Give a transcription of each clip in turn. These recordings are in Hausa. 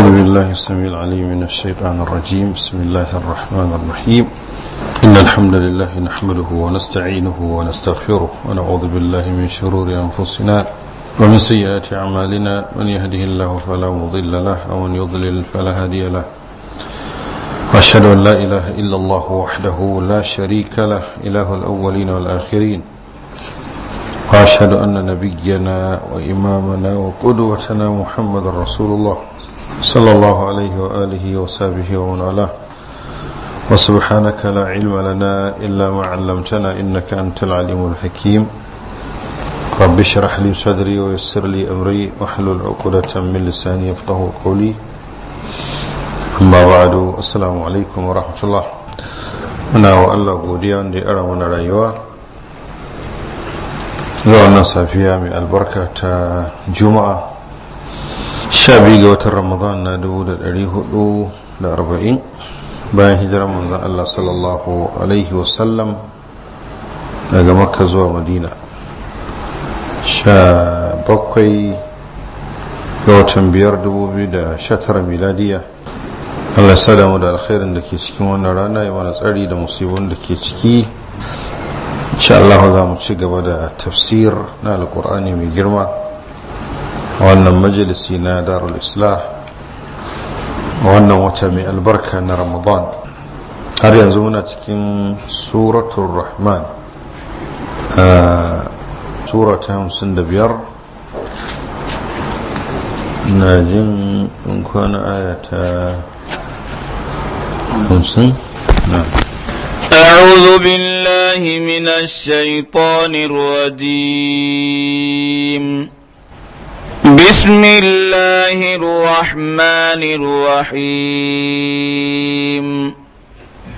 أعوذ بالله السميع العليم من الشيطان الرجيم بسم الله الرحمن الرحيم إن الحمد لله نحمده ونستعينه ونستغفره ونعوذ بالله من شرور أنفسنا ومن سيئات أعمالنا من يهده الله فلا مضل له ومن يضلل فلا هادي له وأشهد أن لا إله إلا الله وحده لا شريك له إله الأولين والآخرين وأشهد أن نبينا وإمامنا وقدوتنا محمد رسول الله صلى الله عليه وآله وصحبه ومن والاه وسبحانك لا علم لنا إلا ما علمتنا إنك أنت العليم الحكيم رب اشرح لي صدري ويسر لي أمري واحلل عقدة من لساني يفقه قولي أما بعد السلام عليكم ورحمة الله muna wa Allah godiya da ya mana rayuwa zuwa wannan safiya mai albarka ta juma'a Sha biyu ga watan ramadan na arba'in. bayan hijirar manzan Allah sallallahu alaihi wasallam daga makka zuwa madina bakwai ga watan 5,2019 miladiya Allah ya damu da alkhairin da ke cikin wannan rana ya mana tsari da musibin da ke ciki insha Allah za mu ci gaba da tafsir na alkur'ani mai girma wannan majalisi na darul islah wannan wata mai albarka na ramadan har yanzu muna cikin suratun rahman sura ta hamsin da biyar na jin in kwana aya ta hamsin أعوذ بالله من الشيطان الرجيم بسم الله الرحمن الرحيم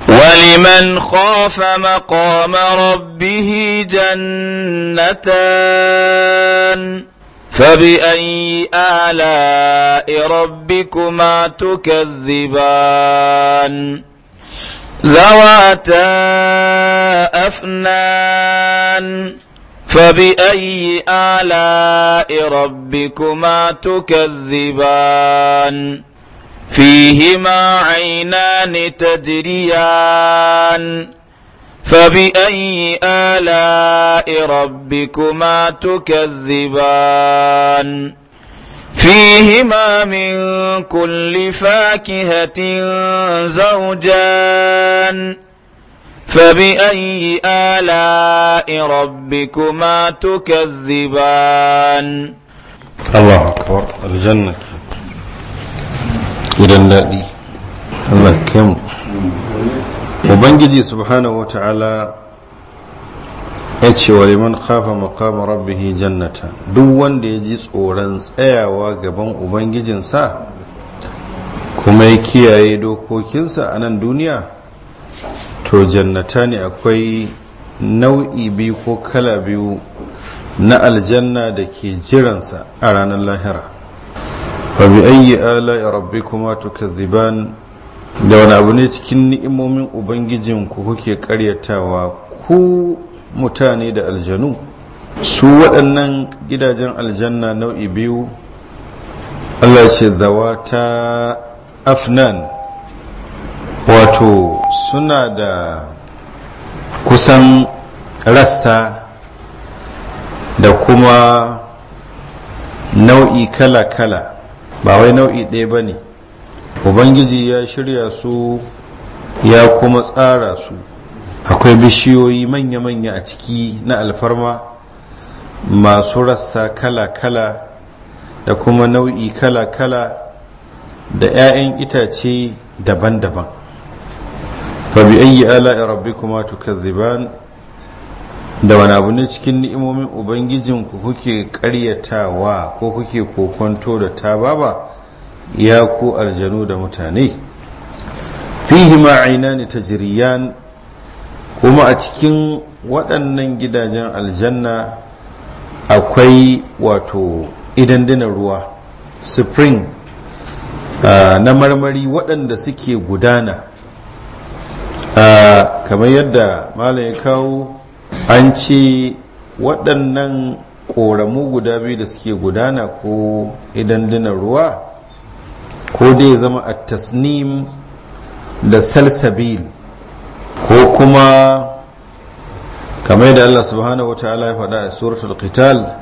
ولمن خاف مقام ربه جنتان فبأي آلاء ربكما تكذبان ذواتا أفنان فبأي آلاء ربكما تكذبان فيهما عينان تجريان فبأي آلاء ربكما تكذبان فيهما من كل فاكهة زوجان فبأي آلاء ربكما تكذبان الله أكبر الجنة idan daɗi Allah kemu ubangiji subhanahu wa ta'ala ya ce wa liman khafa maqama rabbihi jannata duk wanda ya ji tsoron tsayawa gaban ubangijinsa kuma ya kiyaye dokokinsa a nan duniya to jannata ne akwai nau'i biyu ko kala biyu na aljanna da ke jiransa a ranar lahira wa bi ayyi ala ka ziban da wani abu ne cikin ni'imomin ubangijin ku kuke karyatawa ku mutane da aljanu su waɗannan gidajen aljanna nau'i biyu Allah ce zawata afnan wato suna da kusan rassa da kuma nau'i kala-kala ba wai nau'i ɗaya ba ne ubangiji ya shirya su ya kuma tsara su akwai bishiyoyi manya-manya a ciki na alfarma masu rassa kala-kala da kuma nau'i kala-kala da 'ya'yan itace daban-daban فبأي آلاء ربكما تكذبان da wani abu ne cikin ni'imomin ubangijinku kuke karyatawa ko kuke kokonto da ta baba ya ku aljanu da mutane fihi ma'aina ne ta jiriyan kuma a cikin waɗannan gidajen aljanna akwai wato idandunan ruwa spring ah, na marmari waɗanda suke gudana kamar yadda malam ya kawo an ce waɗannan ƙoramu guda biyu da suke gudana ko idan dina ruwa ko dai zama a tasnim da salsabil ko kuma kamar yadda Allah subhanahu wa ta'ala ya faɗa a suratul qital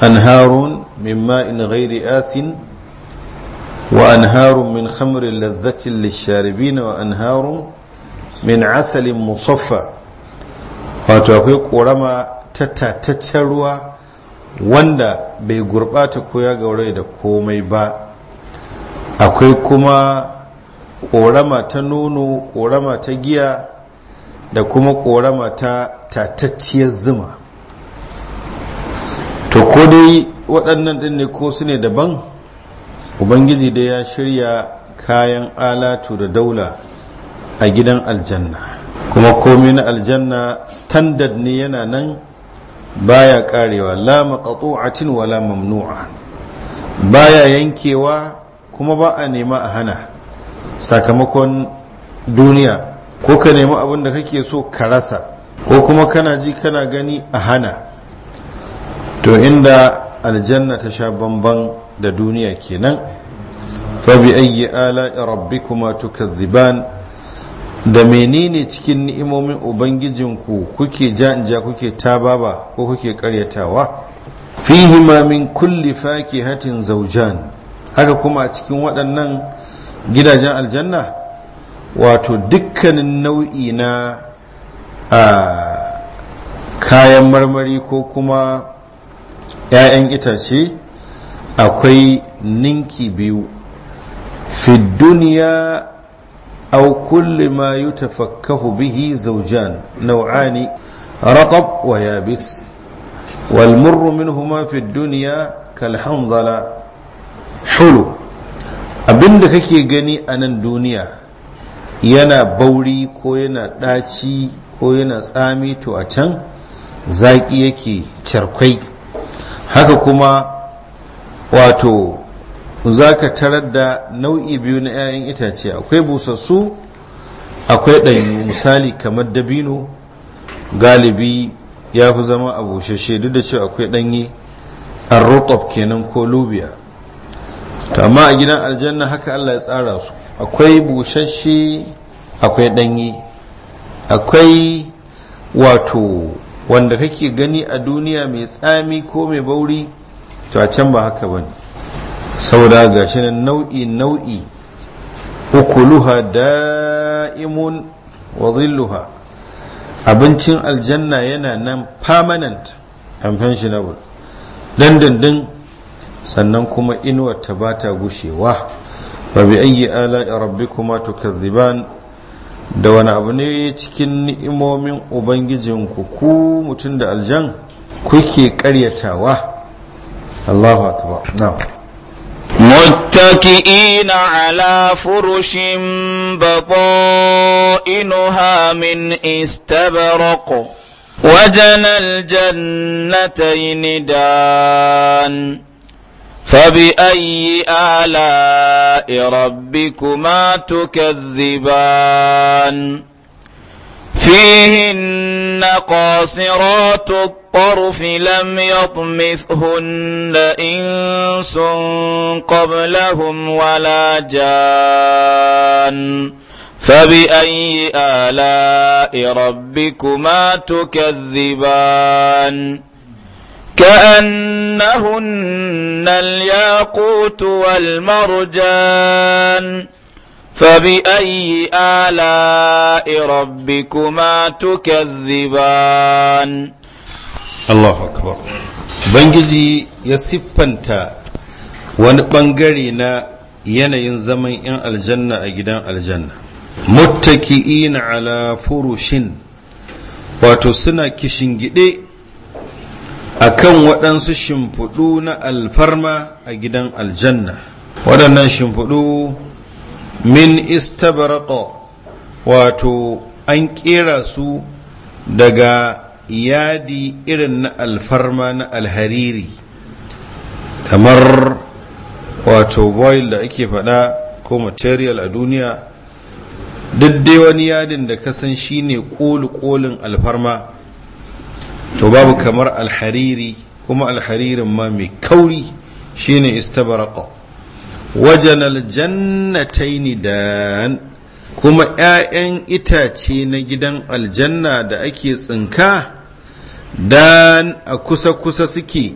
anharun mimma ina ghairi asin wa anharun min khamrin lazzatin lisharibina wa anharun min asalin musaffa wato akwai korama ta tataccen ruwa wanda bai gurbata ko ya gaurai da komai ba akwai kuma korama ta nono korama ta giya da kuma korama ta tatacciyar zuma to ko dai waɗannan ɗin ne ko su ne daban ubangiji dai ya shirya kayan alatu da daula a gidan aljanna kuma komi na aljanna standard ne yana nan baya karewa la maqtu'atin wala mamnu'a baya yankewa kuma ba a nema a hana sakamakon duniya ko ka nemi abin da kake so ka rasa ko kuma kana ji kana gani a hana to inda aljanna ta sha bamban da duniya kenan fa bi ayyi ala rabbikuma tukadhiban da menene cikin ni'imomin ubangijinku kuke ja kuke tababa ko kuke karyatawa ma min kulli fakihatin zaujan haka kuma a cikin waɗannan gidajen aljanna wato dukkanin nau'i na a kayan marmari ko kuma 'ya'yan itace akwai ninki biyu fi duniya أو كل ما يتفكه به زوجان نوعان رطب ويابس والمر منهما في الدنيا كالحنظلة حلو abin da kake gani a nan duniya yana bauri ko yana ɗaci ko yana tsami to a can zaƙi yake carkwai haka kuma wato za ka tarar da nau'i biyu na 'ya'yan itace akwai busassu akwai ɗanyu misali kamar dabino galibi ya fi zama a bushashe duk da cewa akwai ɗanye a rotop kenan ko lubiya to amma a gidan aljanna haka allah ya tsara su akwai bushashe akwai ɗanye akwai wato wanda kake gani a duniya mai tsami ko mai bauri to a can ba haka bane sauda ga shi nau'i nau'i ukuluha da'imun wa zilluha abincin aljanna yana nan permanent and pensionable dandandin sannan kuma inuwar ta ba ta gushewa ba bi ayyi ala ka tukazziban da wani abu ne cikin ni'imomin ubangijinku ku mutum da aljan kuke karyatawa allahu akbar na'am متكئين على فرش بطائنها من استبرق وجنى الجنتين دان فبأي آلاء ربكما تكذبان فيهن قاصرات الطيب الطرف لم يطمثهن إنس قبلهم ولا جان فبأي آلاء ربكما تكذبان كأنهن الياقوت والمرجان فبأي آلاء ربكما تكذبان Allahu akbar Ubangiji ya siffanta wani ɓangare na yanayin zaman 'yan aljanna a gidan aljanna muttaki'ina ala furushin wato suna kishingide a kan waɗansu shimfiɗu na alfarma a gidan aljanna waɗannan shimfiɗu min istabaraka wato an ƙera su daga yadi irin na alfarma na alhariri kamar wato voil da ake faɗa ko material a duniya duk dai wani yadin da ka san shine koli alfarma to babu kamar alhariri kuma alharirin ma mai kauri shine istabaraka wajen aljannataini da kuma 'ya'yan itace na gidan aljanna da ake tsinka dan a kusa-kusa suke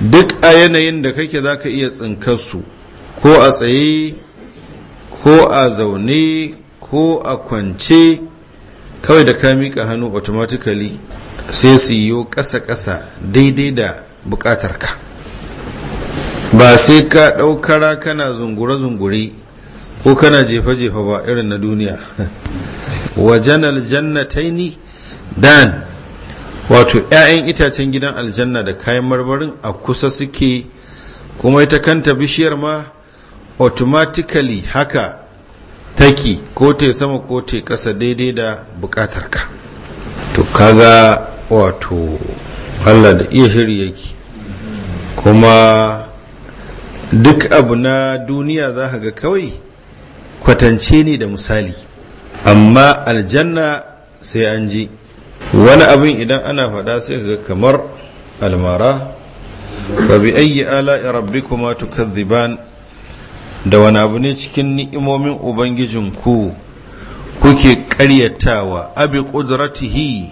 duk a yanayin da kake za ka iya tsinkarsu ko a tsaye ko a zaune ko a kwance kawai da ka miƙa hannu automatically sai su yi ƙasa-ƙasa daidai da ka. ba sai ka ɗaukara kana zungure-zungure ko kana jefa-jefa ba irin na duniya wajen aljannataini dan wato 'ya'yan itacen gidan aljanna da kayan marmarin a kusa suke kuma ita kanta bishiyar ma automatically haka take ko te sama ko te kasa daidai da bukatarka to kaga wato allah da iya shiri yake kuma duk abu na duniya za ka ga kawai kwatance ne da misali amma aljanna sai an je. wani abin idan ana faɗa sai ga kamar almara ba bi ayyi rabbi rabbikuma tukadziban da wani abu ne cikin ni'imomin Ubangijin ku, kuke ƙaryatawa abi qudratihi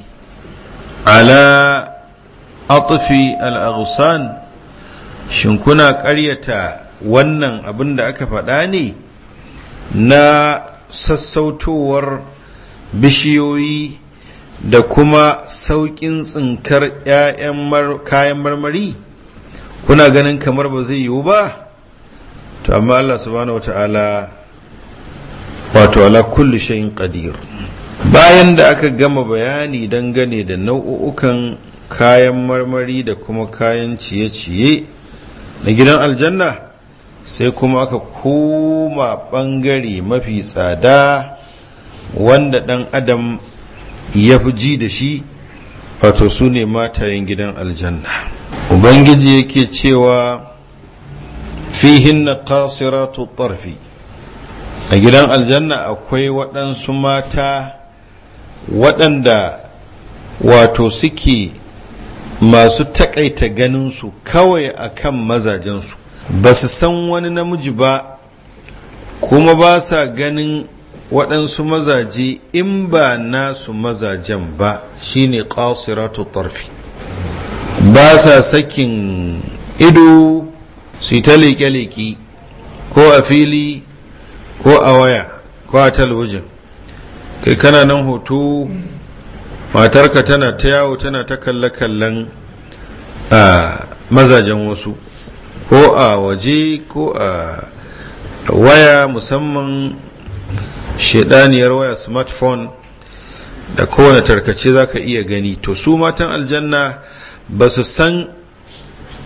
ala atfi al-aghsan shin kuna ƙaryata wannan abin da aka faɗa ne na sassautowar bishiyoyi da kuma sauƙin tsinkar 'ya'yan kayan marmari kuna ganin kamar ba zai yiwu ba to amma Allah subhanahu Ta'ala. wato ala kullu shayin qadir bayan da aka gama bayani dangane da nau'ukan kayan marmari da kuma kayan ciye-ciye na gidan aljanna sai kuma aka koma bangare mafi tsada wanda dan adam ya fi ji da shi wato su ne matayen gidan aljanna ubangiji yake cewa fihin na kasiratu ƙarfi a gidan aljanna akwai waɗansu mata waɗanda wato suke masu taƙaita ganinsu kawai akan mazajensu ba su san wani namiji ba kuma ba sa ganin waɗansu mazaje in ba nasu mazajen ba shine qasiratu ƙarfi. ba sa sakin ido su ta leƙe-leƙe ko a fili ko a waya ko a talabijin kai kana nan hoto matarka tana ta yawo tana ta kalle-kallen a mazajen wasu ko a waje ko a waya musamman shaidaniyar waya smartphone da kowane tarkace za ka iya gani to su matan aljanna ba su san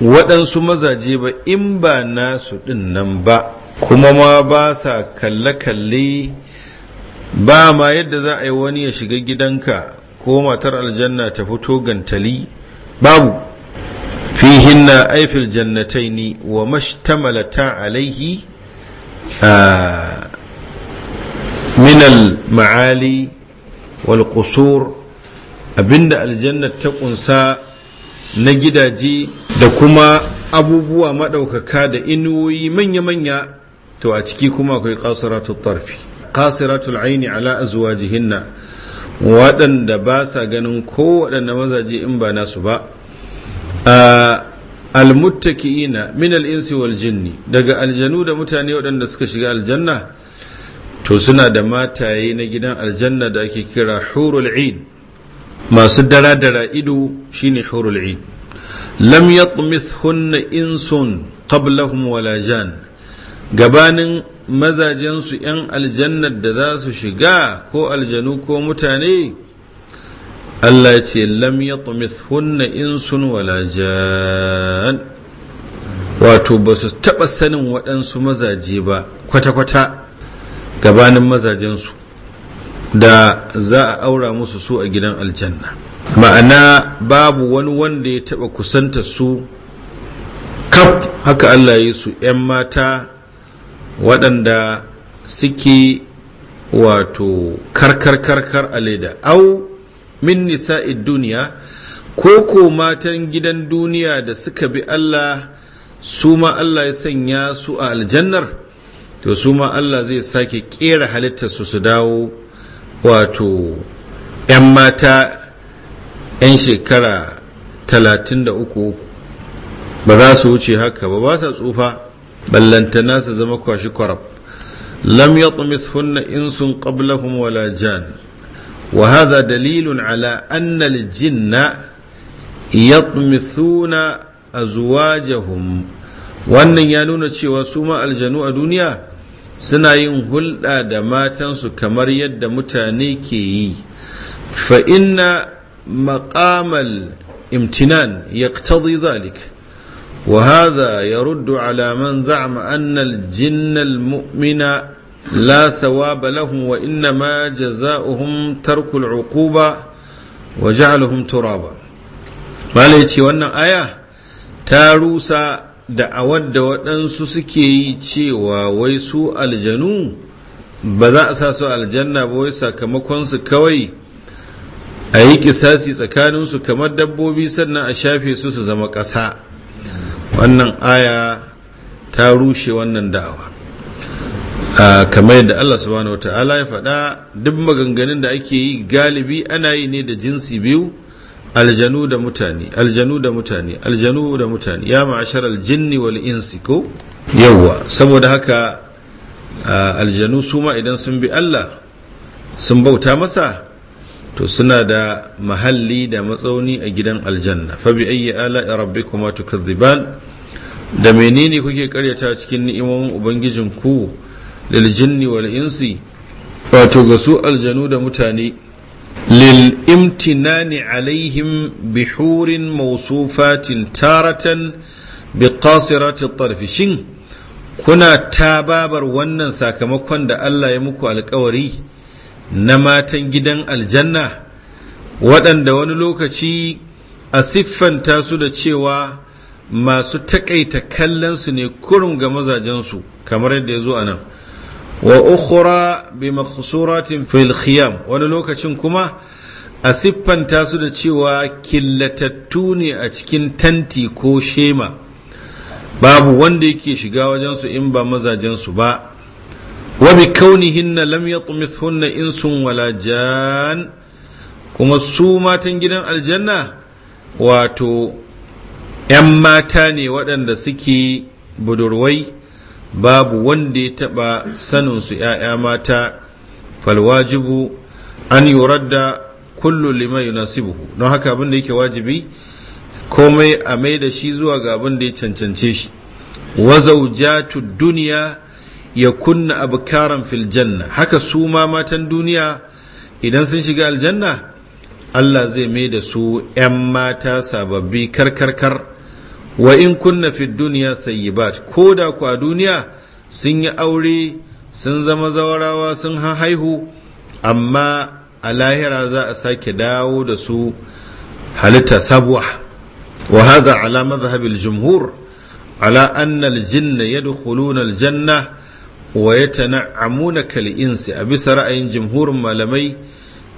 waɗansu mazaje ba in ba nasu ɗin nan ba kuma ma ba sa kalle-kalle ba ma yadda za a yi wani ya shiga gidanka ko matar aljanna ta fito gantali babu fihinna aifil jannatai ne wa mashtamalata alaihi ah, Minal al-ma'ali wal abinda aljanna ta ƙunsa na gidaje da kuma abubuwa maɗaukaka da inuwoyi manya-manya to a ciki kuma akwai kasiratul tarfi kasiratul aini ala azwajihinna waɗanda ba sa ganin ko waɗanda mazaje in ba nasu ba almuttaki'ina min al-insi wal jinni daga aljanu da mutane waɗanda suka shiga aljanna to suna da mataye na gidan aljanna da ake kira hurul ain masu dara dara ido shine hurul ain lam yatmithunna insun qablahum wala jan gabanin mazajensu 'yan aljannar da za su shiga ko aljanu ko mutane Allah ce lam yatmithunna insun wala jan wato ba su taɓa sanin waɗansu mazaje ba kwata-kwata gabanin mazajensu da za a aura musu su a gidan aljanna ma'ana babu wani wanda ya taba kusanta su kaf haka allah ya su 'yan mata waɗanda suke wato karkar karkar a leda au min nisa'id duniya ko ko matan gidan duniya da suka bi allah su ma allah ya sanya su a aljannar to su ma Allah zai sake kera halittarsu su dawo wato 'yan mata 'yan shekara 33 ba za su wuce haka ba ba sa tsufa ballantana su zama kwashi kwarab lam yatmis hunna insun qablahum wala jan wa hadha dalilun ala anna al-jinna yatmisuna azwajahum wannan ya nuna cewa su ma aljanu a duniya suna yin hulɗa da matansu kamar yadda mutane ke yi fa’ina maƙamal imtinan ya ƙtazi zalik wa haza ya ruddu alaman za'ama annal jinnal mu'mina la thawaba lahum wa inna ma jaza'uhum tarkul uquba wa ja'aluhum turaba malai ce wannan aya ta rusa da'awar da waɗansu suke yi cewa wai su aljanu ba za a sa su aljanna ba wai sakamakonsu kawai a yi kisasi tsakaninsu kamar dabbobi sannan a shafe su su zama ƙasa wannan aya ta rushe wannan da'awa kamar yadda Allah subhanahu wa ta'ala ya faɗa duk maganganun da ake yi galibi ana yi ne da jinsi biyu aljanu da mutane aljanu da mutane aljanu da mutane ya ma'ashar aljinni wal insi ko yawwa saboda haka aljanu su ma idan sun bi Allah sun bauta masa to suna da mahalli da matsauni a gidan aljanna fa bi ayyi ala rabbikuma tukadhiban da menene kuke karyata cikin ni'imomin ubangijin ku lil jinni wal insi wato ga su aljanu da mutane للامتنان عليهم بحور موصوفات تارة بقاصرة الطرف شن كنا تابابر ونن ساكمكون دا الله يمكو الكوري نما تنجدا الجنة ودن دا ونلوكتي أسفن تاسو دا تشيوا masu takaita kallonsu ne kurum ga mazajensu kamar yadda ya zo wa ukhra bi maqsuratin fil khiyam wani lokacin kuma a siffanta su da cewa killatattu ne a cikin tanti ko shema babu wanda yake shiga wajensu in ba mazajensu ba wa bi kaunihin lam yatmithunna insun wala jan kuma su matan gidan aljanna wato 'yan mata ne waɗanda suke budurwai babu wanda ya taɓa su ‘ya'ya mata falwajibu an yuradda kullu na yunasibuhu don haka abin da yake wajibi komai a mai da shi zuwa ga abin da ya cancance shi wazaujatu duniya ya kunna abu karan filjanna haka su ma matan duniya idan sun shiga aljanna Allah zai mai da su ‘yan mata sababbi karkarkar wa in kunna fi duniya sayyibat ko da ku a duniya sun yi aure sun zama zawarawa sun haihu amma a lahira za a sake dawo da su halitta sabuwa wa ala madhhabil jumhur ala anna al-jinna yadkhuluna al-janna wa yatana'amuna kal insi a bisa ra'ayin jumhurin malamai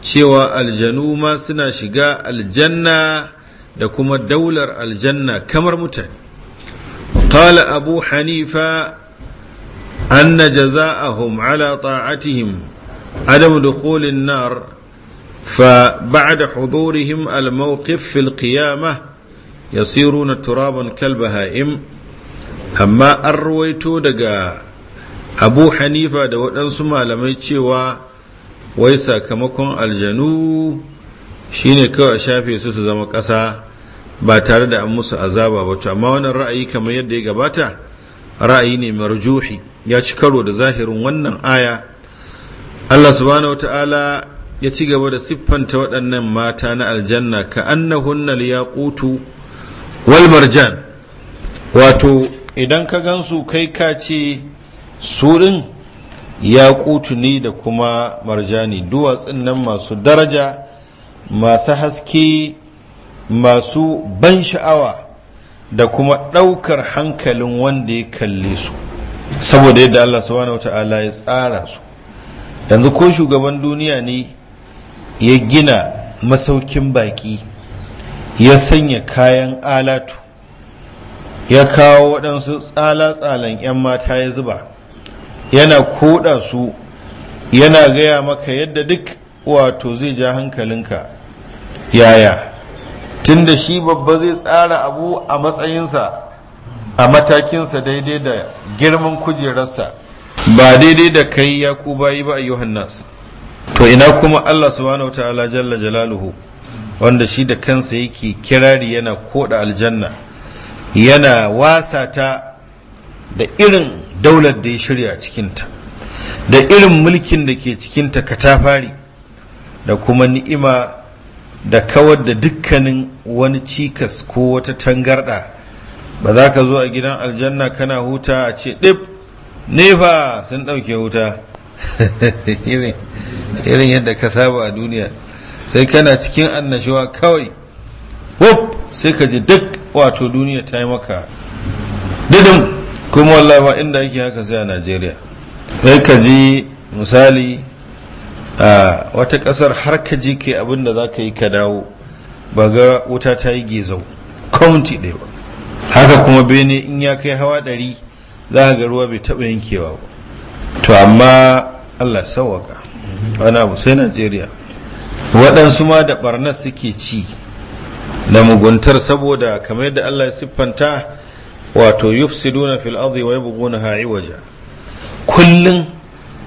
cewa aljanu ma suna shiga aljanna da kuma daular aljanna kamar mutane qala abu hanifa anna jaza'ahum ala ta'atihim adam dukhul nar fa ba'da hudurihim al-mawqif fi qiyamah yasiruna turaban kal baha'im amma an ruwaito daga abu hanifa da waɗansu malamai cewa wai sakamakon aljanu Shi ne kawai a shafe su su zama ƙasa ba tare da an musu azaba ba to amma wannan ra'ayi kamar yadda ya gabata ra'ayi ne marjuhi ya ci karo da zahirin wannan aya Allah subhanahu ta'ala ya ci gaba da siffanta waɗannan mata na aljanna ka hunnal yaqutu wal marjan wato idan ka gansu kai ka ce su ya yaqutu ni da kuma marjani duwatsun nan masu daraja masu haske masu ban sha'awa da kuma ɗaukar hankalin wanda ya kalle su saboda yadda Allah subhanahu wata'ala ya tsara su yanzu ko shugaban duniya ne ya gina masaukin baƙi ya sanya kayan alatu ya kawo waɗansu tsala-tsalan 'yan mata ya zuba yana koɗa su yana gaya maka yadda duk wato zai ja hankalinka yaya tunda shi babba zai tsara abu a matsayinsa a matakinsa daidai da girman kujerarsa ba daidai da kai ya ku bayi ba a to ina kuma Allah subhanahu ta'ala jalla jalaluhu wanda shi da kansa yake kirari yana koda aljanna yana wasa ta da irin daular da ya shirya cikinta da irin mulkin da ke cikinta katafari da kuma ni'ima da kawar da dukkanin wani cikas ko wata tangarda ba za ka zo a gidan aljanna kana huta a ce ɗib nefa sun ɗauke huta irin yadda ka saba a duniya sai kana cikin annashuwa kawai wuf sai ka ji duk wato duniya ta yi maka didin kuma wallahi ba inda yake haka sai a najeriya sai ka ji misali A wata kasar har ka je ke abin da za ka yi ka dawo ba ga wuta ta yi gezau county ɗaya ba haka kuma bene in ya kai hawa ɗari za ga ruwa bai taɓa yankewa ba to amma allah sauwaka wani abu sai najeriya waɗansu ma da ɓarnar suke ci na muguntar saboda kamar yadda allah siffanta wato yufsiduna fil ardi wa yabghuna ha'i waje. kullun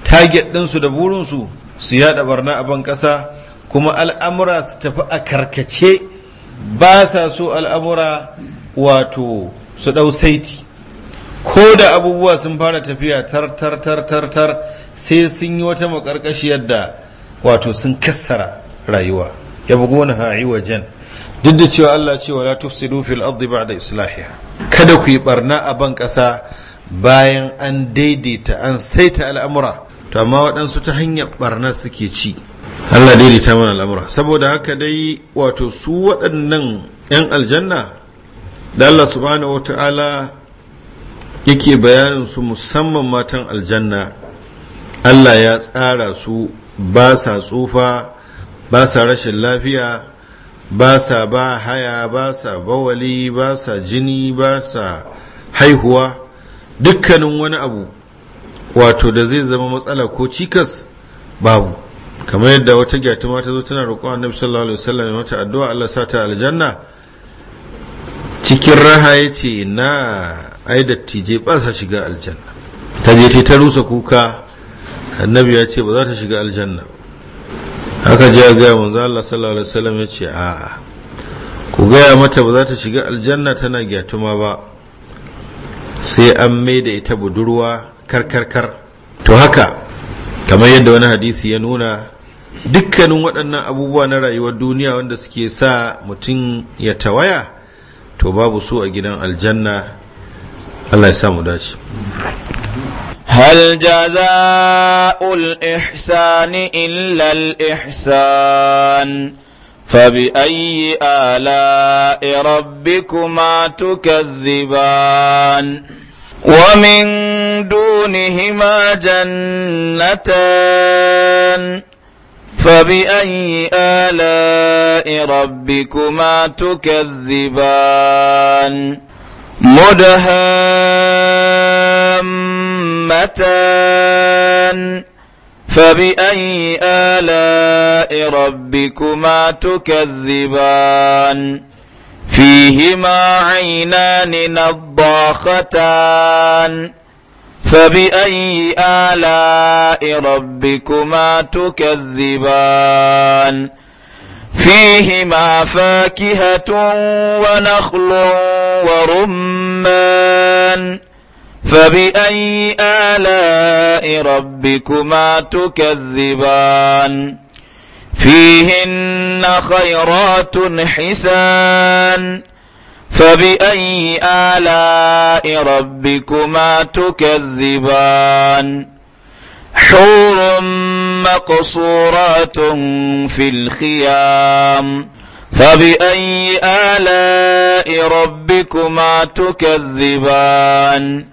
target ɗinsu da burinsu su yada barna a ban ƙasa kuma al'amura su tafi a karkace ba sa so al'amura wato su ɗau saiti ko da abubuwa sun fara tafiya tar tar tar sai sun yi wata makarkashiyar da wato sun kassara rayuwa ya bugu wani ha'i wajen duk da cewa Allah ce la tufsidu fil ardi ba'da islahiha kada ku yi barna a ban ƙasa bayan an daidaita an saita al'amura amma waɗansu ta hanyar barnar suke ci Allah daidaita mana al'amura saboda haka dai wato su waɗannan 'yan aljanna da Allah subhanahu wa yake bayanin su musamman matan aljanna Allah ya tsara su ba sa tsufa ba sa rashin lafiya ba sa ba haya ba sa bawali ba sa jini ba sa haihuwa dukkanin wani abu wato da zai zama matsala ko cikas babu kamar yadda wata gyatuma ta zo tana roƙon annabi sallallahu alaihi wasallam mata addu'a Allah sa ta aljanna cikin raha yace ce na ai dattijai ba sa shiga aljanna ta je ta rusa kuka annabi ya ce ba za ta shiga aljanna haka je ga gaya manzo Allah sallallahu alaihi wasallam ya ce a'a ku gaya mata ba za ta shiga aljanna tana gyatuma ba sai an mai da ita budurwa karkarkar to haka kamar yadda wani hadisi ya nuna dukkanin waɗannan abubuwa na rayuwar duniya wanda suke sa mutum ya tawaya to babu su a gidan aljanna Allah ya samu dace هل جزاء الإحسان إلا الإحسان فبأي آلاء ربكما تكذبان ومن دونهما جنتان فبأي آلاء ربكما تكذبان مدهامتان فبأي آلاء ربكما تكذبان فيهما عينان نضاختان فبأي آلاء ربكما تكذبان فيهما فاكهة ونخل ورمان فبأي آلاء ربكما تكذبان فيهن خيرات حسان فبأي آلاء ربكما تكذبان حور مقصورات في الخيام فبأي آلاء ربكما تكذبان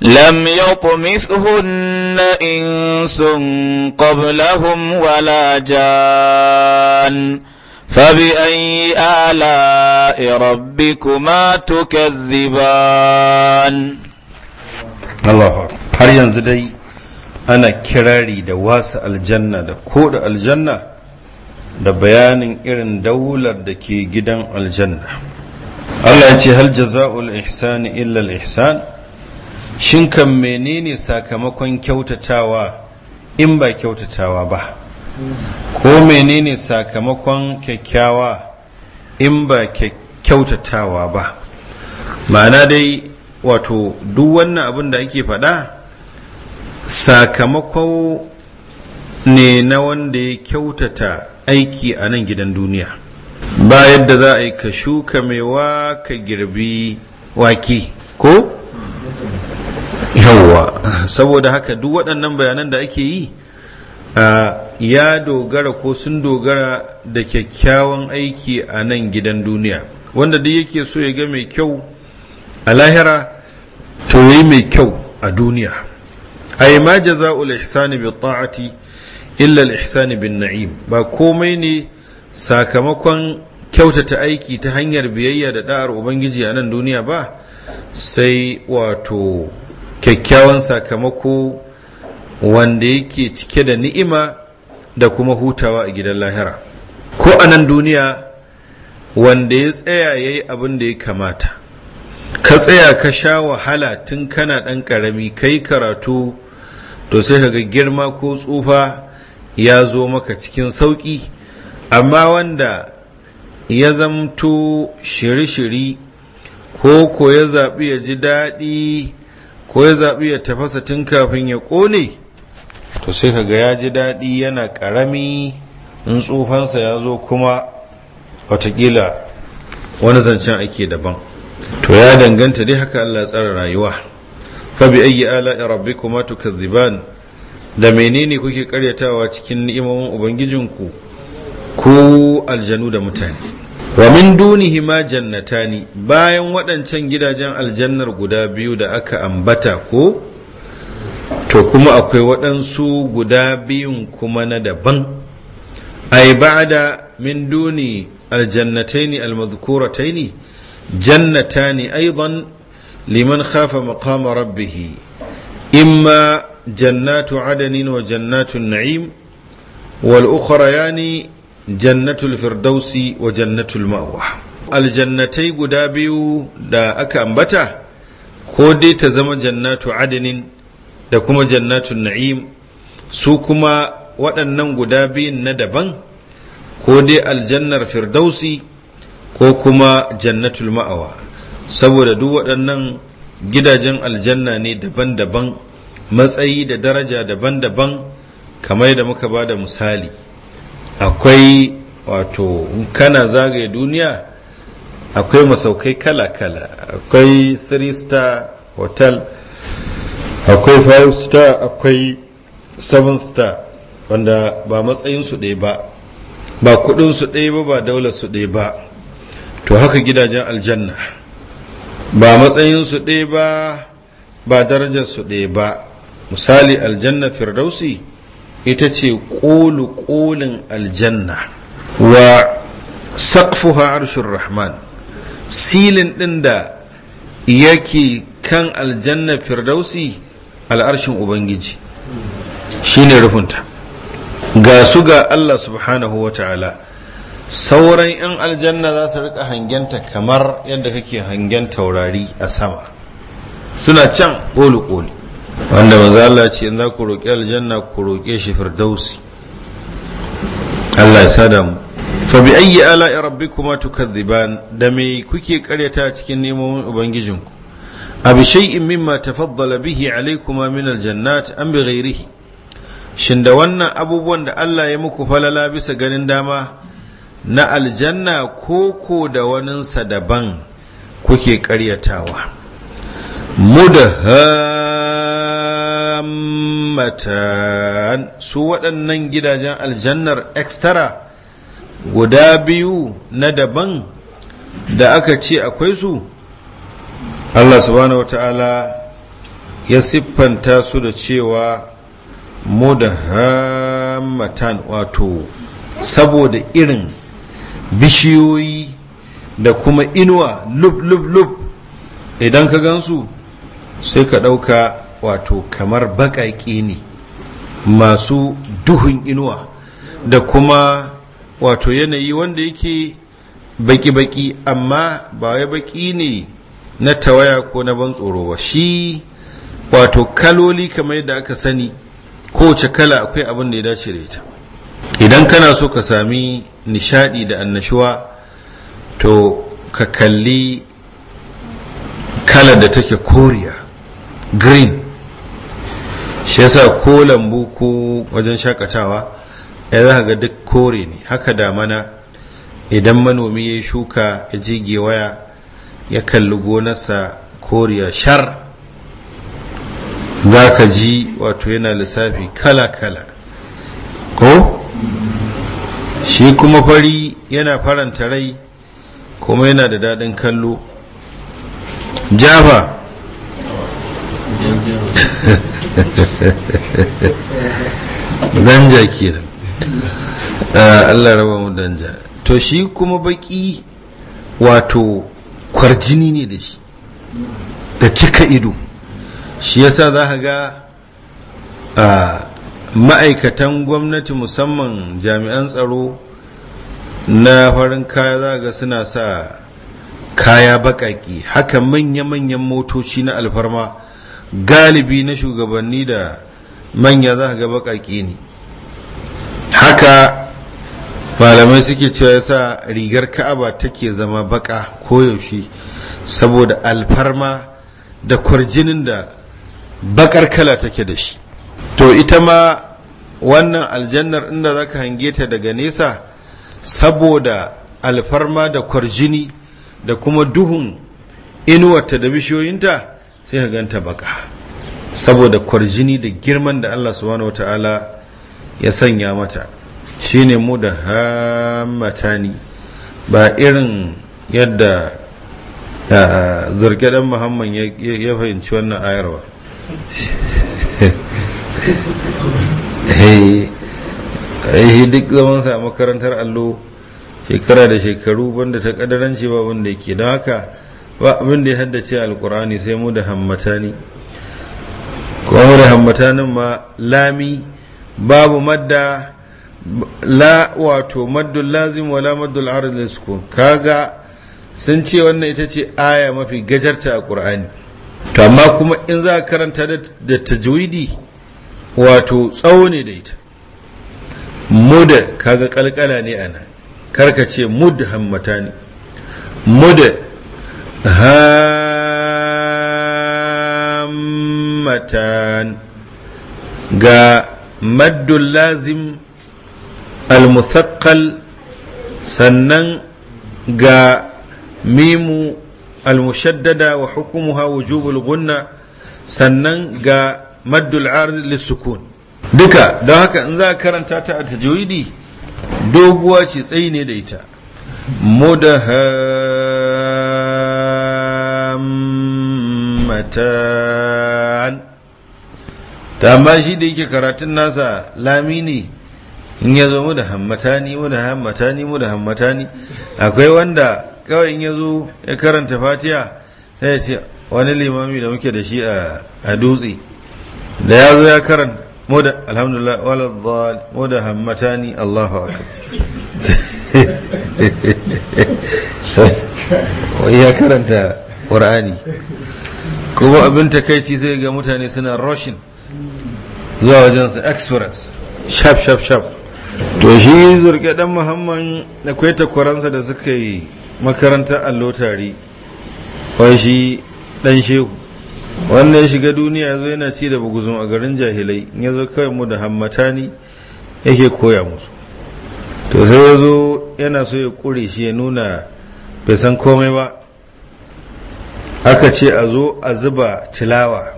لم يطمثهن إنس قبلهم ولا جان فبأي آلاء ربكما تكذبان الله har yanzu dai ana kirari da wasa aljanna da ko da aljanna da bayanin irin daular da ke gidan aljanna Allah ya ce hal jaza'ul ihsani illa al ihsan shin kan menene sakamakon kyautatawa in ba kyautatawa ba ko menene sakamakon kyakkyawa in ba kyautatawa ba ma'ana dai wato duk wannan abin da ake faɗa sakamako ne na wanda ya kyautata aiki a nan gidan duniya ba yadda za a yi ka shuka mai wa ka girbi wake ko yawwa saboda haka duk waɗannan bayanan da ake yi ya dogara ko sun dogara da kyakkyawan aiki a nan gidan duniya wanda duk yake so ya ga mai kyau a lahira to yi mai kyau a duniya ai ma jaza'ul ihsani bi ta'ati illa al ihsani bin na'im ba komai ne sakamakon kyautata aiki ta hanyar biyayya da da'ar ubangiji a nan duniya ba sai wato kyakkyawan sakamako wanda yake cike da ni'ima da kuma hutawa a gidan lahira ko a nan duniya wanda ya tsaya ya yi abin da ya kamata ka tsaya ka sha wahala tun kana ɗan ƙarami kai karatu to sai ka ga girma ko tsufa ya zo maka cikin sauƙi amma wanda ya zamto shiri-shiri ko ko ya zaɓi ya ji daɗi ko ya zaɓi ya tafasa tun kafin ya ƙone to sai kaga ya ji daɗi yana ƙarami in tsufansa ya zo kuma watakila wani zancen ake daban to ya danganta dai haka allah tsara rayuwa fabi ayi ala rabbi kuma ziban. da menene kuke karyatawa cikin ni'imomin ubangijinku ko aljanu da mutane wa min dunihi ma jannatani bayan waɗancan gidajen aljannar guda biyu da aka ambata ko to kuma akwai waɗansu guda biyun kuma na daban ai ba'da min duni aljannataini almadhkurataini jannatani aidan liman khafa maqama rabbih imma jannatu adanin wa jannatu na'im wal ukhrayani jannatul firdausi wa jannatul ma'uwa aljannatai guda biyu da aka ambata ko dai ta zama jannatu adinin da kuma jannatu na'im su kuma waɗannan guda biyun na daban ko dai aljannar firdausi ko kuma jannatul ma'awa saboda duk waɗannan gidajen aljanna ne daban-daban matsayi da daraja daban-daban kamar da muka ba da misali akwai wato kana zagaye duniya akwai masaukai kala-kala akwai 3 star hotel akwai 5 star akwai 7 star wanda ba matsayinsu ɗaya ba ba kudinsu ɗaya ba ba daularsu ɗaya ba to haka gidajen aljanna ba matsayinsu ɗaya ba ba darajarsu ɗaya ba misali aljanna firdausi ita ce ƙolu ƙolin aljanna wa saƙfuha arshin rahman silin ɗin da yake kan aljanna firdausi al'arshin ubangiji Shi ne rufinta ga su ga allah subhanahu wa ta'ala sauran 'yan aljanna za su rika hangenta kamar yadda kake hangen taurari a sama suna can ƙoli-ƙoli wanda manzo Allah ce yanzu ku roƙi aljanna ku roƙe shi firdausi Allah ya sada mu fa bi ayyi ala'i rabbikuma tukadziban da me kuke karyata cikin neman ubangijinku abi shay'in mimma tafaddala bihi alaykuma min aljannat am bi ghayrihi shin da wannan abubuwan da Allah ya muku falala bisa ganin dama na aljanna ko ko da waninsa daban kuke karyatawa mudaha tammatan su waɗannan gidajen aljannar extra guda biyu na daban da aka ce akwai su allah subhanahu wata'ala ya siffanta su da cewa mudahammatan wato saboda irin bishiyoyi da kuma inuwa lub lub lub idan ka gansu sai ka ɗauka wato kamar baƙaƙe ne masu duhun inuwa da kuma wato yanayi wanda yake baki-baki amma ba wai baki ne na tawaya ko na ban tsoro ba shi wato kaloli kamar yadda aka sani kowace kala akwai abin da ya dace da ita idan kana so ka sami nishadi da annashuwa to ka kalli kala da take koriya green shi yasa ko lambu ko wajen shakatawa ya za ga duk kore ne haka da mana idan manomi ya shuka ya jige waya ya kalli gonarsa koriya shar za ka ji wato yana lissafi kala-kala ko shi kuma fari yana faranta rai kuma yana da daɗin kallo java danja kenan ah, Allah raba mu danja to shi kuma baki wato kwarjini ne da shi da cika ido shi yasa za ka ga ah, ma'aikatan gwamnati musamman jami'an tsaro na farin kaya za ga suna sa kaya baƙaƙi haka manya-manyan motoci na alfarma galibi na shugabanni da manya za ga baƙaƙi ne haka malamai suke cewa yasa rigar ka'aba take zama baka koyaushe saboda alfarma da kwarjinin da bakar kala take da shi to ita ma wannan aljannar inda za ka hange ta daga nesa saboda alfarma da kwarjini da kuma duhun inuwarta da bishiyoyinta sai ka ganta baka saboda kwarjini da girman da Allah subhanahu wata'ala ya sanya mata shine mu da hamatani ba irin yadda dan muhammad ya fahimci wannan ayarwa yi duk zaman a makarantar allo shekara da shekaru banda ta kadaranci ba wanda ke don haka ba abin da ya haddace alkur'ani sai mu da hammatani kuma mu da hammatanin ma lami babu madda la wato maddul lazim wala maddul da liskun kaga sun ce wannan ita ce aya mafi gajarta a qur'ani to amma kuma in za a karanta da tajwidi wato tsawo ne da ita mud kaga kalkala ne ana karka ce mud hammatani mud hammatan ga maddul lazim al-musaqqal sannan ga mimu al-mushaddada wa hukumuha wujubul gunna sannan ga maddul arid lissukun duka don haka in za a karanta ta a tajwidi doguwa ce tsayi ne da ita mudaha هاتان تاما shi da yake karatun nasa lami ne in ya zo mu da hammatani mu da hammatani mu da hammatani akwai wanda kawai in ya zo ya karanta fatiha sai ya ce wani limami da muke da shi a dutse da ya zo ya karanta mu da alhamdulillah wala dhal mu da hammatani Allahu akbar ya karanta qur'ani kuma abin takaici sai ga mutane suna rushing zuwa wajen su express sharp sharp sharp to shi zurge dan muhammad akwai takwaransa da suka yi makarantar allo tare, wai shi dan shehu wannan ya shiga duniya zo yana ci da buguzun a garin jahilai ya zo kawai mu da hammatani yake koya musu to sai ya zo yana so ya kure shi ya nuna bai san komai ba aka ce a zo a zuba tilawa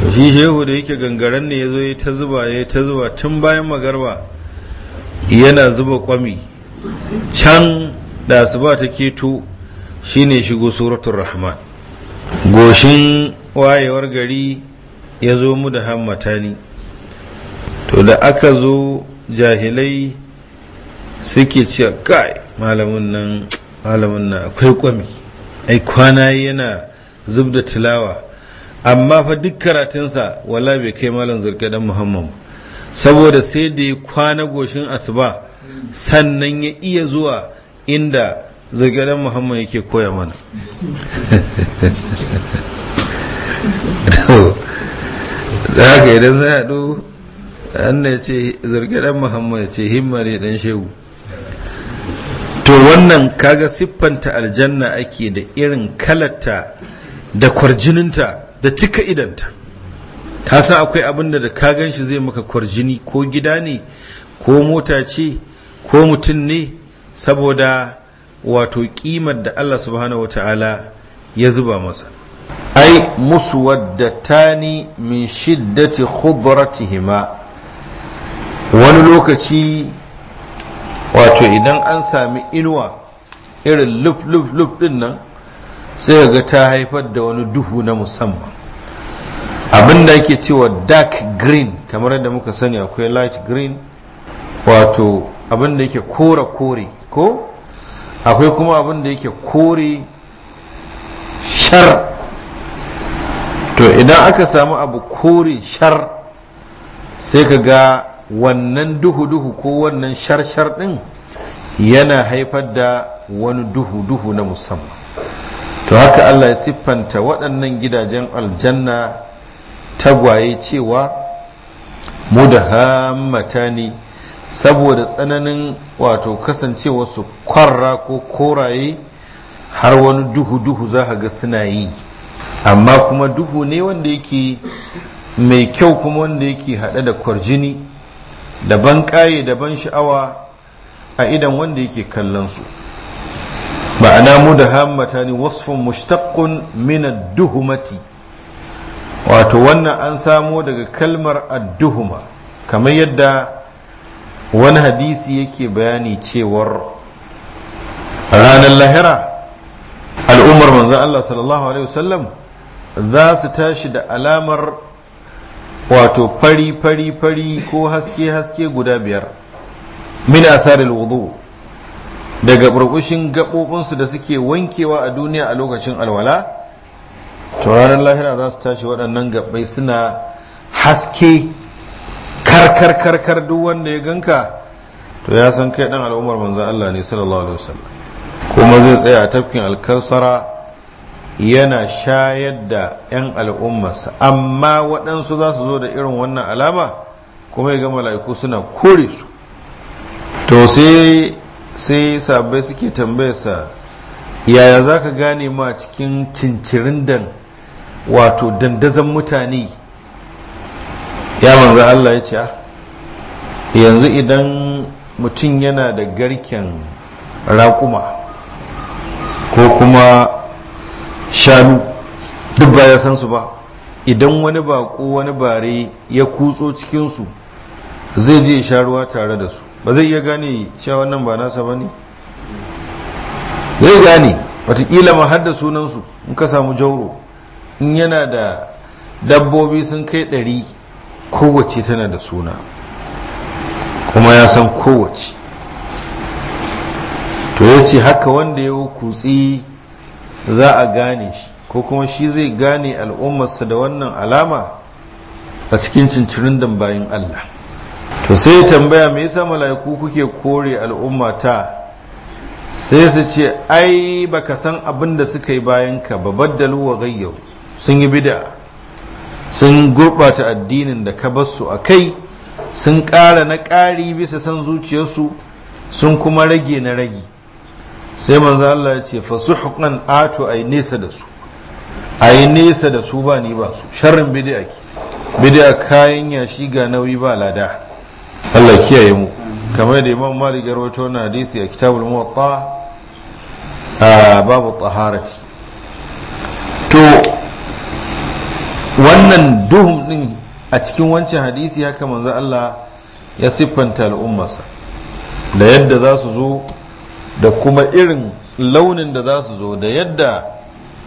to shi shehu da yake gangaren ne ya zo ya ta zuba ya ta zuba tun bayan magarba yana zuba kwami can da asuba ta keto shine shigo suratun rahman goshin wayewar gari ya zo mu da hammatani to da aka zo jahilai suke cewa kai malamin nan akwai kwami ai kwana yana zub da tilawa amma fa duk karatunsa wala bai kai malam zurkadan muhammad saboda sai da ya kwana goshin asuba sannan ya iya zuwa inda zurgadan muhammad yake koya mana da haka idan zai haɗu an ce zurgadan muhammad ce himmar ya dan shehu to wannan kaga siffanta aljanna ake da irin kalata da kwarjininta da cika idanta kasan akwai abin da ka gan shi zai maka kwarjini ko gida ne ko mota ce ko mutum ne saboda wato kimar da allah subhanahu ta'ala ya zuba masa ai musu muswaddatani min shiddati khudratihima wani lokaci wato idan an sami inuwa irin luf luf luf din nan sai ga ta haifar da wani duhu na musamman abinda ake cewa dark green kamar yadda muka sani akwai light green wato abinda yake kora kore ko akwai kuma abinda yake kore shar to idan aka samu abu kore shar sai ka ga wannan duhu-duhu ko wannan sharshar ɗin yana haifar da wani duhu-duhu na musamman to haka Allah ya siffanta waɗannan gidajen aljanna tagwaye cewa mu da hamata ne saboda tsananin wato kasancewa su kwarra ko koraye har wani duhu-duhu za ga suna yi amma kuma duhu ne wanda yake mai kyau kuma wanda yake haɗe da kwarjini Daban ƙaye daban sha'awa a idan wanda yake kallon su ma'ana mu da hammata ne wasfin mushtaqqun min ad-duhumati wato wannan an samo daga kalmar ad-duhuma kamar yadda wani hadisi yake bayani cewar ranar lahira al'ummar manzon Allah sallallahu alaihi wasallam za su tashi da alamar wato fari fari fari ko haske haske guda biyar min asaril wudu daga burbushin gaɓoɓinsu da suke wankewa a duniya a lokacin alwala to ranar lahira za su tashi waɗannan gaɓai suna haske karkar karkar duk wanda ya ganka to ya san kai ɗan al'ummar manzan Allah ne sallallahu alaihi wasallam kuma zai tsaya a tafkin alkasara yana shayar da 'yan al'ummarsa amma waɗansu za su zo da irin wannan alama kuma ya gama laiku suna kore su to sai sabai suke tambayarsa yaya za ka gane ma cikin cincirin dan wato dandazon mutane ya manza Allah ya ce ah, yanzu idan mutum yana da garken raƙuma ko kuma shanu duk ba ya san su ba idan wani bako wani bare ya kutso cikinsu zai je sharuwa tare da su ba zai iya gane cewa wannan ba nasa ba ne zai gane watakila ma har da sunansu in ka samu jauro in yana da dabbobi sun kai ɗari kowace tana da suna kuma ya san kowace to ya ce haka wanda ya kutsi za a gane shi ko kuma shi zai gane al'ummarsa da wannan alama a cikin cincirin bayan Allah to sai ya tambaya me yasa mala'iku kuke kore al'ummata? sai su ce ai baka san abin da suka yi bayan ka ba baddalu wa gayyau sun yi bida sun gurɓata addinin da ka bar su a kai sun ƙara na ƙari bisa san zuciyarsu sun kuma rage na rage sai manzo Allah ya ce fa fasuhqan atu ay nesa da su ay nesa da su ba ni ba su sharrin bid'a ki bid'a kayan yashi ga nauyi ba lada Allah kiyaye mu kamar da Imam Malik ya rawaito na hadisi a Kitabul Muwatta a babu taharati to wannan duhum din a cikin wancan hadisi haka manzo Allah ya siffanta al'ummarsa da yadda za su zo da kuma irin launin da za su zo da yadda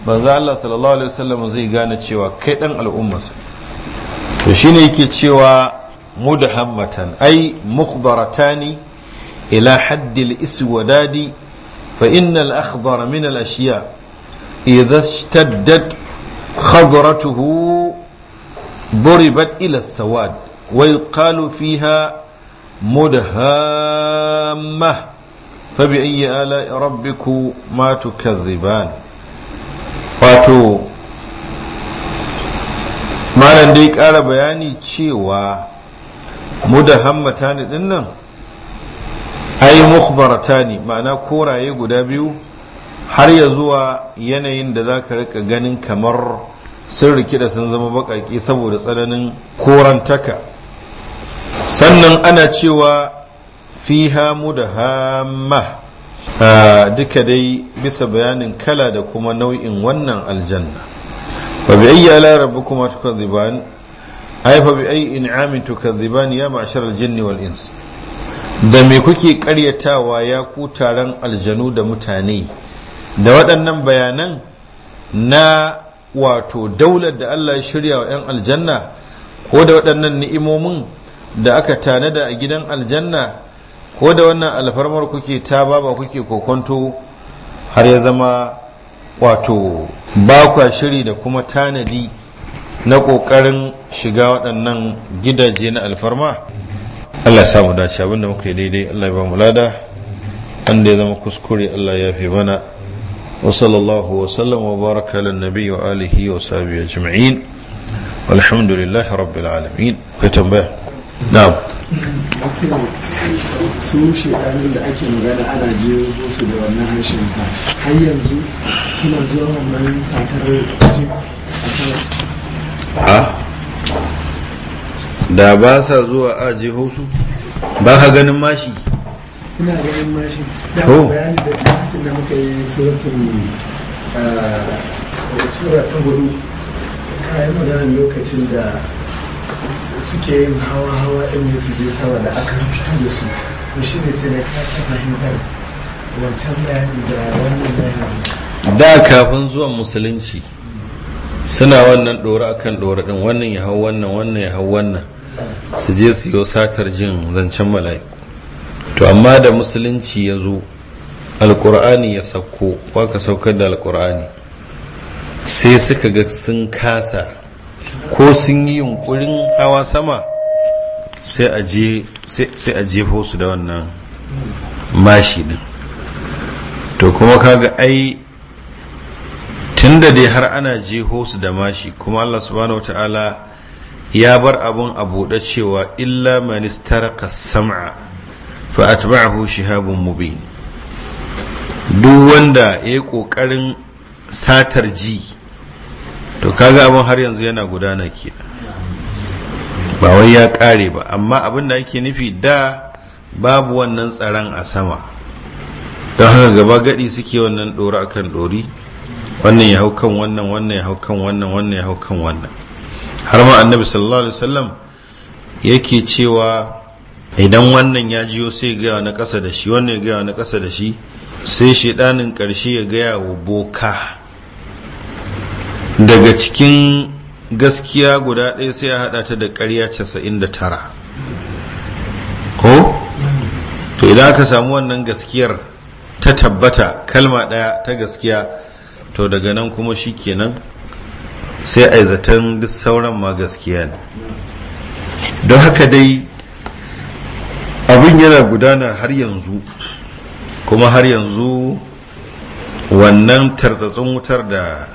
manzo Allah sallallahu alaihi wasallam zai gane cewa kai dan al'ummarsa to shine yake cewa mudhammatan ai mukhdaratani ila haddi al-iswadadi fa inna al-akhdar min al-ashiya idha ishtaddat khadratuhu ضربت إلى السواد ويقال فيها مدهامة فبأي آلاء ربكما تكذبان wato malam dai ƙara bayani cewa mu da hammata ne dinnan ai mukhbarata ne ma'ana koraye guda biyu har ya zuwa yanayin da za ka rika ganin kamar sun da sun zama baƙaƙe saboda tsananin korantaka sannan ana cewa fiha mudhamma ah, duka dai bisa bayanin kala da kuma nau'in wannan aljanna fa bi ayyi ala rabbukum tukadhiban ay fa bi ayyi in'amin tukadhiban ya ma'shar al-jinni wal ins da me kuke karyatawa ya ku taron aljanu da mutane da waɗannan bayanan na wato daular da Allah ya shirya wa 'yan aljanna ko da waɗannan ni'imomin da aka tanada a gidan aljanna ko da wannan alfarmar kuke ta baba kuke kokonto har ya zama wato ba kwa shiri da kuma tanadi na ƙoƙarin shiga waɗannan gidaje na alfarma allah samu dace da muka yi daidai allah ba mu lada da ya zama kuskure allah ya fi mana wa wa sallam wa baraka lan nabi wa alihi wa sahbihi ajma'in walhamdulillahi rabbil alamin tambaya na'am su shekarun da ake magana ana jero su da wannan harshen ta har yanzu suna zuwa wannan sakarar a da ba sa zuwa a jeho su ba ka ganin mashi ina ganin mashi da bayani da lokacin da muka yi suratun eh, sura ta hudu kayan maganar lokacin da suke yin hawa hawa ɗin ne su je sama da aka rikito da su to shi ne sai na kasa fahimtar wancan bayani da wannan na yanzu da kafin zuwan musulunci suna wannan ɗora akan ɗora ɗin wannan ya hau wannan wannan ya hau wannan su je su yi satar jin zancen mala'iku to amma da musulunci ya zo alkur'ani ya sauko waka saukar da alkur'ani sai suka ga sun kasa ko sun yi yunkurin hawa sama sai a jefo su da wannan mashi din to kuma kaga ai tunda dai har ana jefo su da mashi kuma Allah subhanahu wata'ala ya bar abun a buɗe cewa illa manistaraka sam'a fa atba'ahu shihabun mubin duk wanda ya yi ƙoƙarin satar ji to kaga abin har yanzu yana gudana kenan ba wai ya kare ba amma abin da ake nufi da babu wannan tsaron a sama don haka gaba gadi suke wannan dora akan dori wannan ya hau kan wannan wannan ya hau kan wannan wannan ya hau kan wannan har ma annabi sallallahu alaihi wasallam yake cewa idan wannan ya jiyo sai gaya na kasa da shi wannan ya gaya na kasa da shi sai shedanin ƙarshe ya gaya wa boka daga cikin gaskiya guda ɗaya sai ya haɗa ta da ƙarya 99 ko to idan aka samu wannan gaskiyar ta tabbata kalma ɗaya ta gaskiya to daga nan kuma shi kenan sai a zaton duk sauran ma gaskiya ne don haka dai abin yana gudana har yanzu kuma har yanzu wannan tarzatsun wutar da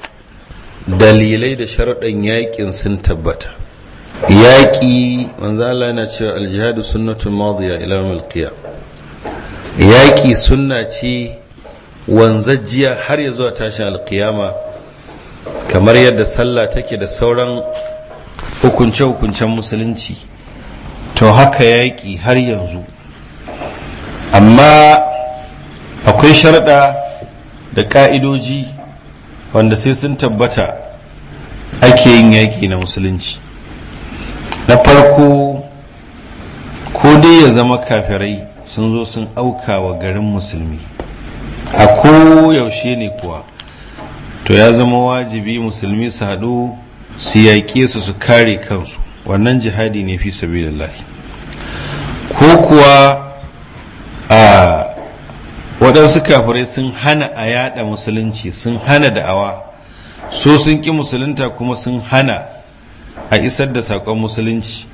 dalilai da sharaɗin yaƙin sun tabbata yaƙi manzala yana cewa aljihadu sunnatun maziya ila mulkiya yaƙi sunna ce wanzajjiya har ya zuwa tashin alkiyama kamar yadda sallah take da sauran hukunce-hukuncen musulunci to haka yaƙi har yanzu amma akwai sharaɗa da ƙa'idoji wanda sai sun tabbata ake yin yaƙi na musulunci na farko ko dai ya zama kafirai sun zo sun auka wa garin musulmi a yaushe ne kuwa to ya zama wajibi musulmi su haɗu su yaƙe su su kare kansu wannan jihadi ne fi sabilillahi ko kuwa a waɗansu kafirai sun hana a yada musulunci sun hana da'awa so sun ƙi musulunta kuma sun hana a isar da saƙon musulunci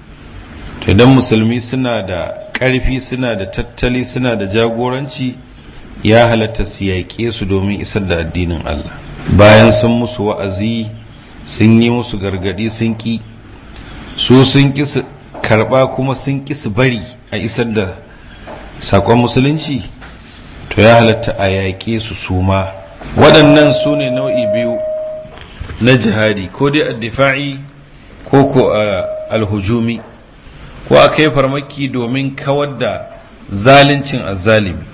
to idan musulmi suna da ƙarfi suna da tattali suna da jagoranci ya halatta su yaƙe su domin isar da addinin Allah bayan sun musu wa'azi sun yi musu gargaɗi sun ƙi su sun ƙi su karɓa kuma sun ƙi su bari a isar da saƙon musulunci to ya halatta a yaƙe su suma waɗannan su ne nau'i biyu na jihadi ko dai addifa'i ko ko alhujumi ko a kai farmaki domin kawar da zalincin azalimi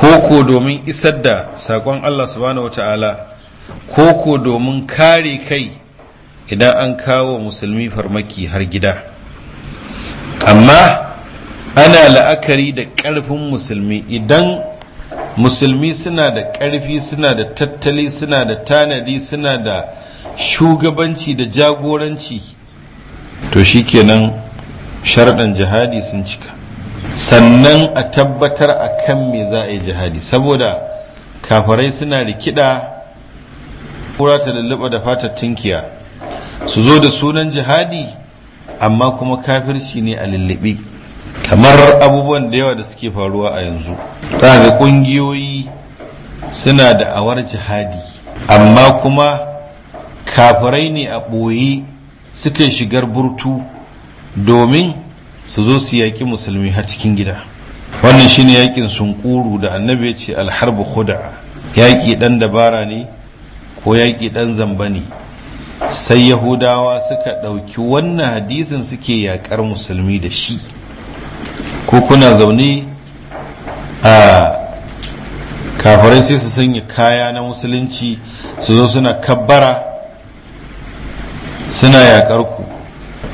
ko ko domin isar da saƙon allah subhanahu wata'ala ko ko domin kare kai idan an kawo musulmi farmaki har gida amma ana la'akari da ƙarfin musulmi idan musulmi suna da ƙarfi suna da tattali suna da tanadi suna da shugabanci da jagoranci to shi shikenan sharaɗan jihadi sun cika sannan a tabbatar a kan me za a yi jihadi saboda kafarai suna rikida kura ta lulluɓa da fata tunkiya. su zo da sunan jihadi amma kuma kafirci ne a lulluɓe kamar abubuwan da yawa da suke faruwa a yanzu ta ga ƙungiyoyi suna da awar jihadi amma kuma kafirai ne a ɓoye suka shigar burtu domin su zo su yaƙi musulmi har cikin gida wannan shi ne yaƙin sunkuru da annabi ya ce alharbu khuda yaƙi ɗan dabara ne ko yaƙi ɗan zamba ne sai yahudawa suka ɗauki wannan hadisin suke yaƙar musulmi da shi ko kuna zaune a kafirai sai su sanya kaya na musulunci su zo suna kabbara suna yaƙar ku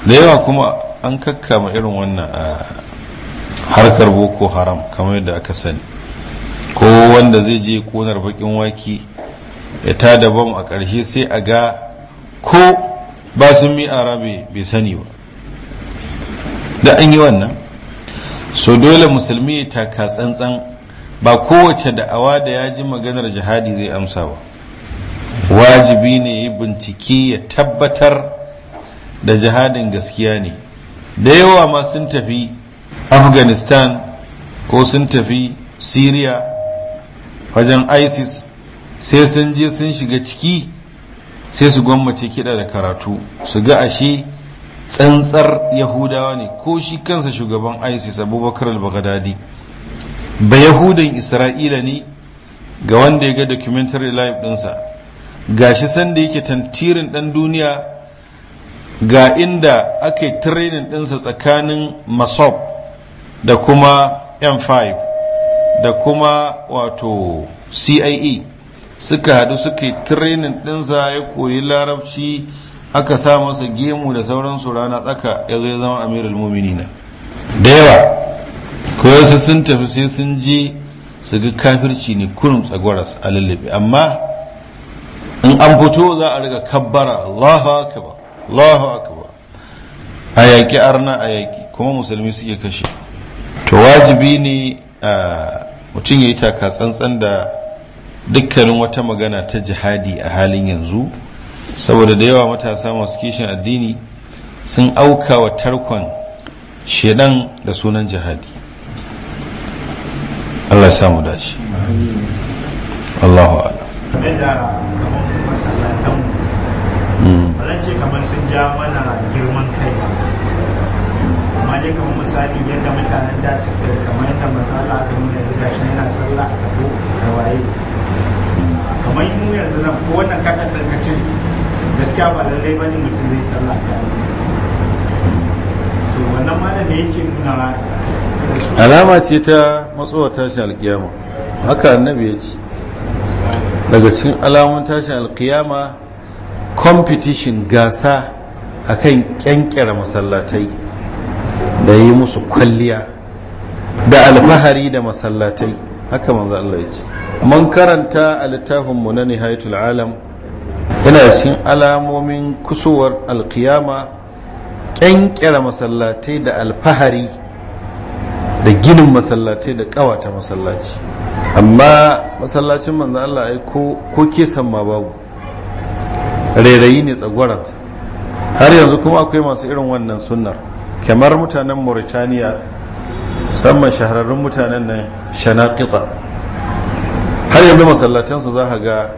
da yawa kuma an kakkama irin wannan a harkar boko haram kamar yadda aka sani ko wanda zai je konar bakin waki ya da bam a ƙarshe sai a ga ko ba sun mi bai sani ba da an yi wannan so dole musulmi ya taka tsantsan ba kowace da'awa da ya ji maganar jihadi zai amsa ba wajibi ne ya bincike ya tabbatar da jihadin gaskiya ne da yawa ma sun tafi afghanistan ko sun tafi syria wajen isis sai sun je sun shiga ciki sai su gwammace kiɗa da karatu su ga ashe tsantsar yahudawa ne ko shi kansa shugaban isis abubakar al-baghdadi ba yahudan isra'ila ne ga wanda ya ga documentary live ɗinsa shi sanda yake tantirin ɗan duniya ga inda aka yi training ɗinsa tsakanin masob da kuma m5 da kuma wato cie suka hadu suka yi training ɗinsa ya koyi larabci aka sa masa gemu da sauransu rana tsaka ya zo ya zama amirul muminina da yawa ko sun tafi sai sun je su ga kafirci ne kurum tsagwaras a lullube amma in an fito za a riga kabbara allahu akbar allahu akbar a yaƙi arna a yaƙi kuma musulmi suke kashe to wajibi ne a mutum ya yi taka tsantsan da dukkanin wata magana ta jihadi a halin yanzu saboda da yawa matasa masu kishin addini sun auka wa tarkon shedan da sunan jihadi Allah samu dace Allahu ala hmm. ce kamar sun ja mana girman kai amma dai kamar misali yadda mutanen da suke kamar yadda matsala aka nuna yanzu gashi yana sallah a kabo da waye kamar mu yanzu nan ko wannan kaɗan da ka cire gaskiya ba lallai ba ne mutum zai sallah ta to wannan da ne yake nuna alama ce ta matsowa tashin alkiyama haka annabi ya ce daga cikin alamun tashin alkiyama competition gasa akan kyankyara masallatai da yi musu kwalliya da alfahari da masallatai haka manzo Allah ya ce mun karanta a littafinmu na nihayatul alam yana cikin alamomin kusurwar alkiyama kyankyara masallatai da alfahari da ginin masallatai da kawata masallaci amma masallacin manzan Allah ai ko ke ma babu rairayi ne tsagwaransa har yanzu kuma akwai masu irin wannan sunnar kamar mutanen mauritaniya musamman shahararrun mutanen nan shanaƙiƙa har yanzu masallatansu za ka ga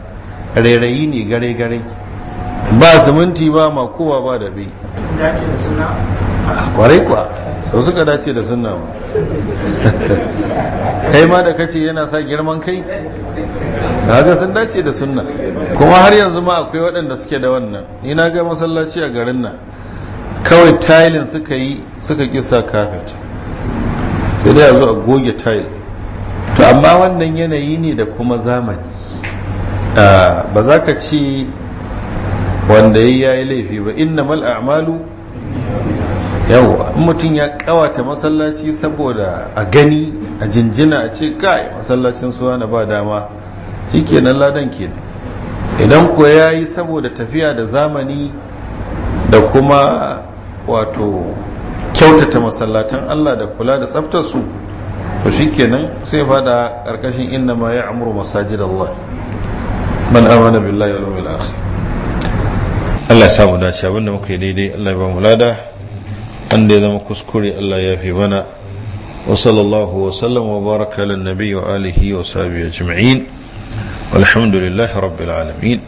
rairayi ne gare-gare ba siminti ba ma kowa ba da bi kwarai ah, kuwa sau suka dace da suna ma kai ma da kace yana sa girman kai kaga sun dace da suna kuma har yanzu ma akwai waɗanda suke da wannan ni na ga masallaci a garin nan kawai tayilin suka yi suka kisa kafet sai dai a zo a goge tayil. to amma wannan yanayi ne da kuma zamani ba za ka ci wanda ya yi laifi ba inna mal a'malu yawa mutum ya kawata masallaci saboda a gani a jinjina a ce kai masallacin suwa na ba dama nan ladan kenan idan ko ya yi saboda tafiya da zamani da kuma wato kyautata masallatan allah da kula da tsaftar su to kenan sai fada karkashin inna ma ya amuru masajid Allah man amana billahi wal yawmil akhir Allah ya samu dace abinda muka yi daidai Allah ya ba mu lada wanda ya zama kuskure Allah ya fi mana wa sallallahu wa sallam wa baraka lan nabi wa alihi wa sahbihi ajma'in walhamdulillahi rabbil alamin